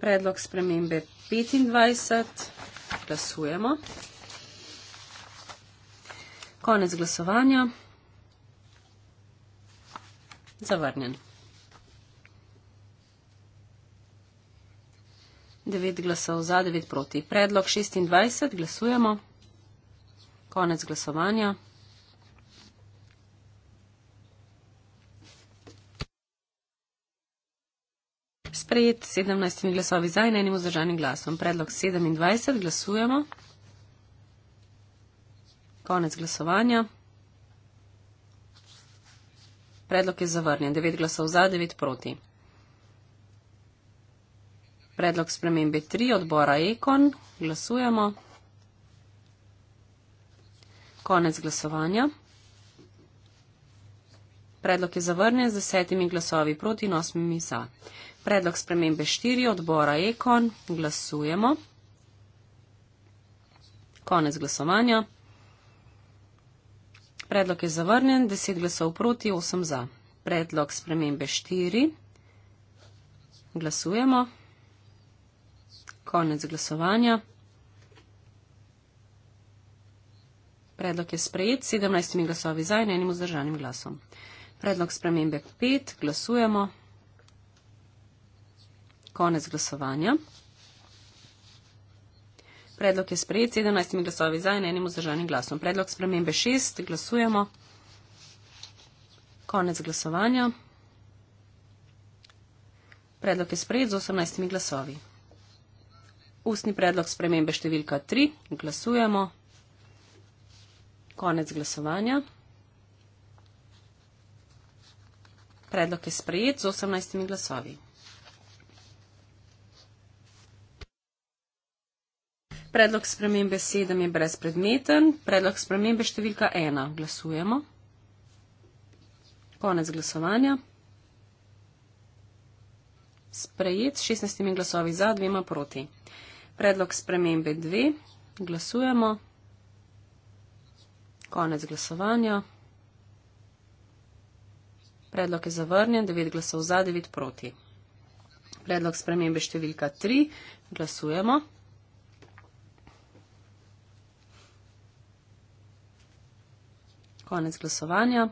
predlog spremembe 25. Glasujemo. Konec glasovanja. Zavrnjen. 9 glasov za, 9 proti. Predlog 26. Glasujemo. Konec glasovanja. sprejet 17 glasovi za in enim vzdržanim glasom. Predlog 27 glasujemo. Konec glasovanja. Predlog je zavrnjen. 9 glasov za, 9 proti. Predlog spremembe 3 odbora Ekon. Glasujemo. Konec glasovanja. Predlog je zavrnjen z desetimi glasovi proti in osmimi za. Predlog spremembe štiri odbora Ekon. Glasujemo. Konec glasovanja. Predlog je zavrnjen, deset glasov proti, osem za. Predlog spremembe štiri. Glasujemo. Konec glasovanja. Predlog je sprejet, sedemnajstimi glasovi za in enim vzdržanim glasom. Predlog spremembe 5. Glasujemo. Konec glasovanja. Predlog je sprejet 17 glasovi za in enim vzdržanim glasom. Predlog spremembe 6. Glasujemo. Konec glasovanja. Predlog je sprejet z 18 glasovi. Ustni predlog spremembe številka 3. Glasujemo. Konec glasovanja. Predlog je sprejet z 18 glasovi. Predlog spremembe 7 je brezpredmeten. Predlog spremembe številka 1. Glasujemo. Konec glasovanja. Sprejet s 16 glasovi za, dvema proti. Predlog spremembe 2. Glasujemo. Konec glasovanja. Predlog je zavrnjen, 9 glasov za, 9 proti. Predlog spremembe številka 3. Glasujemo. Konec glasovanja.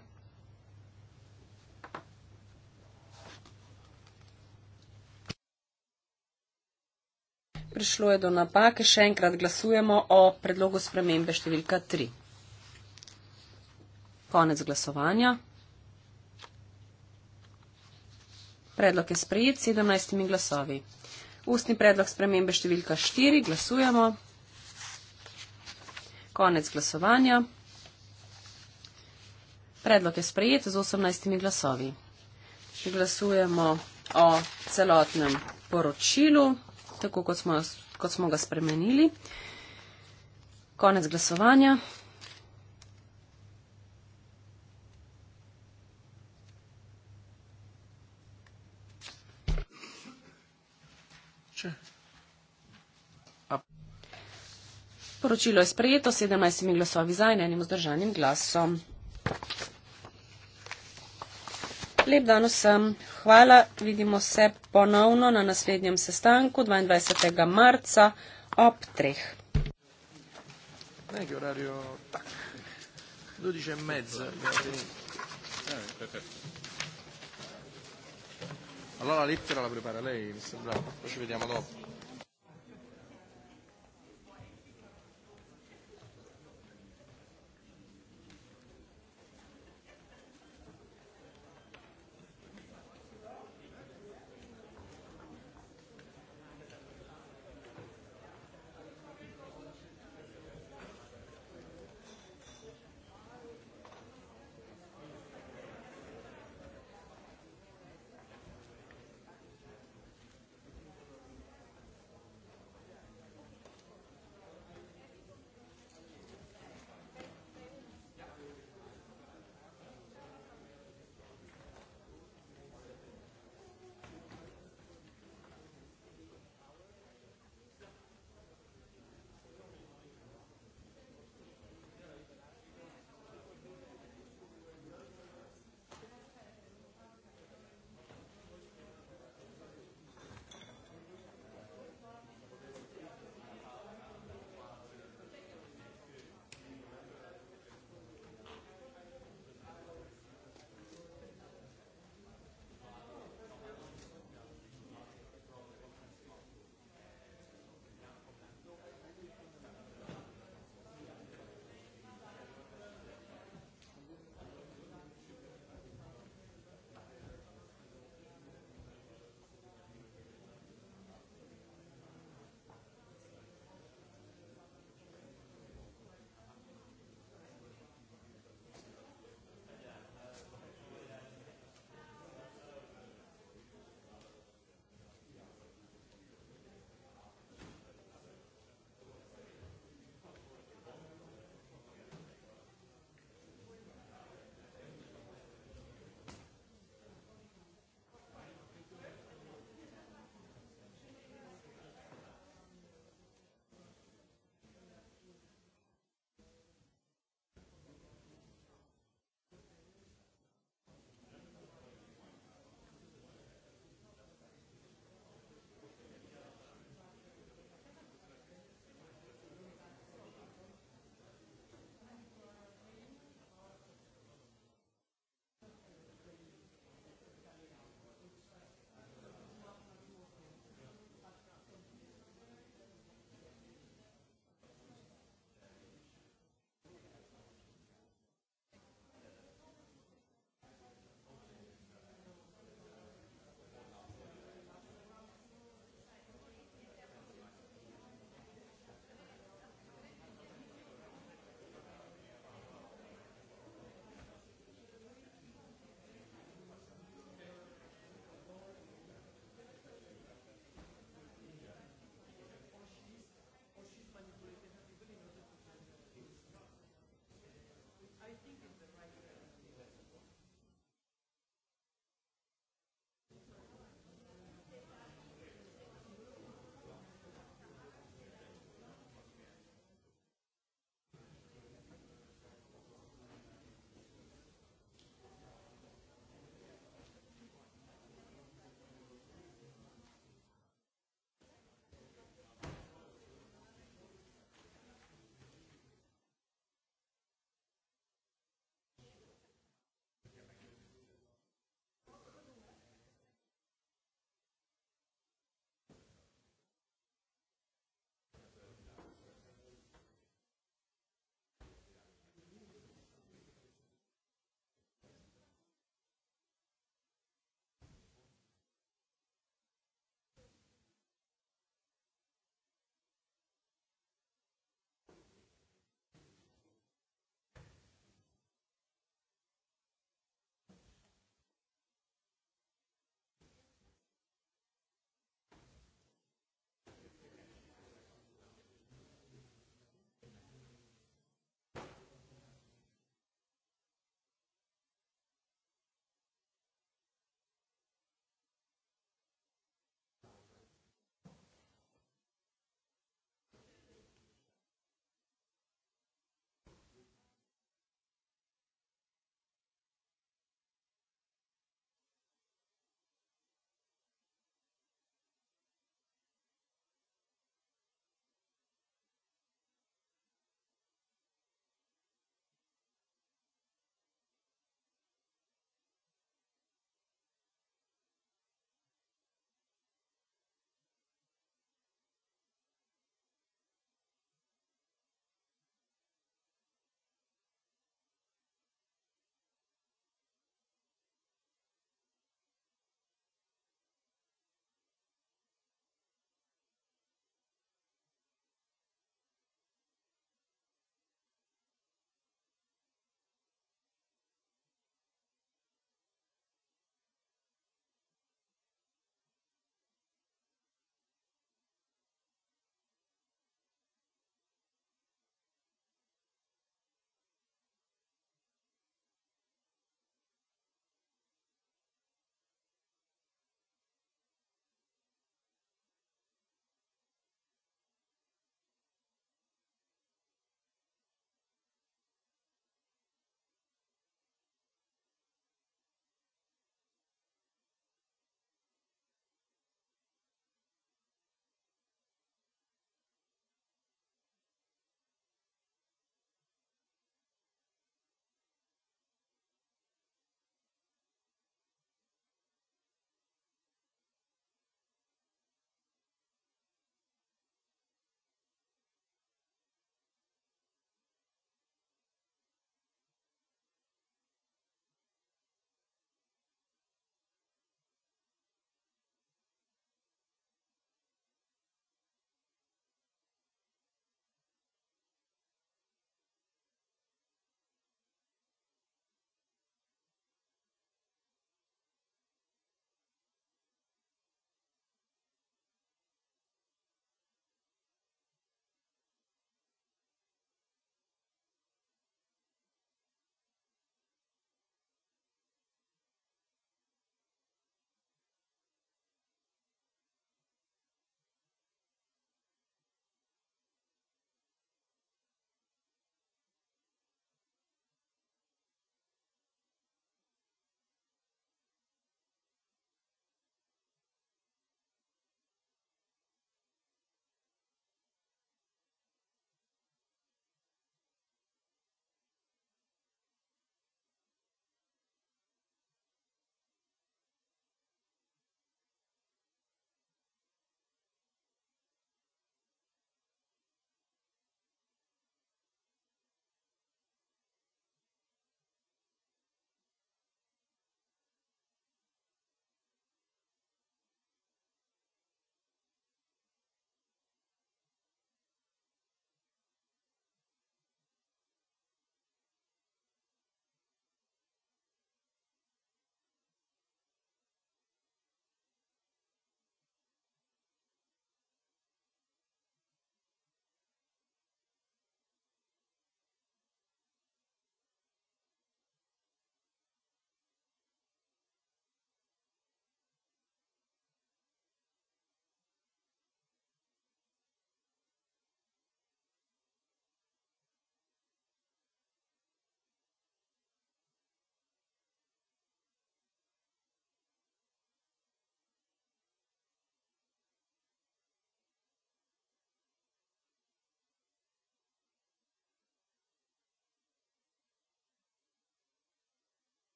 Prišlo je do napake, še enkrat glasujemo o predlogu spremembe številka 3. Konec glasovanja. Predlog je sprejet s 17 glasovi. Ustni predlog spremembe številka 4. Glasujemo. Konec glasovanja. Predlog je sprejet z 18 glasovi. Glasujemo o celotnem poročilu, tako kot smo, kot smo ga spremenili. Konec glasovanja. stališče. Poročilo je sprejeto 17 glasovi za in enim vzdržanim glasom. Lep dan vsem. Hvala. Vidimo se ponovno na naslednjem sestanku 22. marca ob treh. Nekaj orario tak. Ljudi že medze. Ja, Allora la lettera la prepara lei, mi sembra, poi ci vediamo dopo.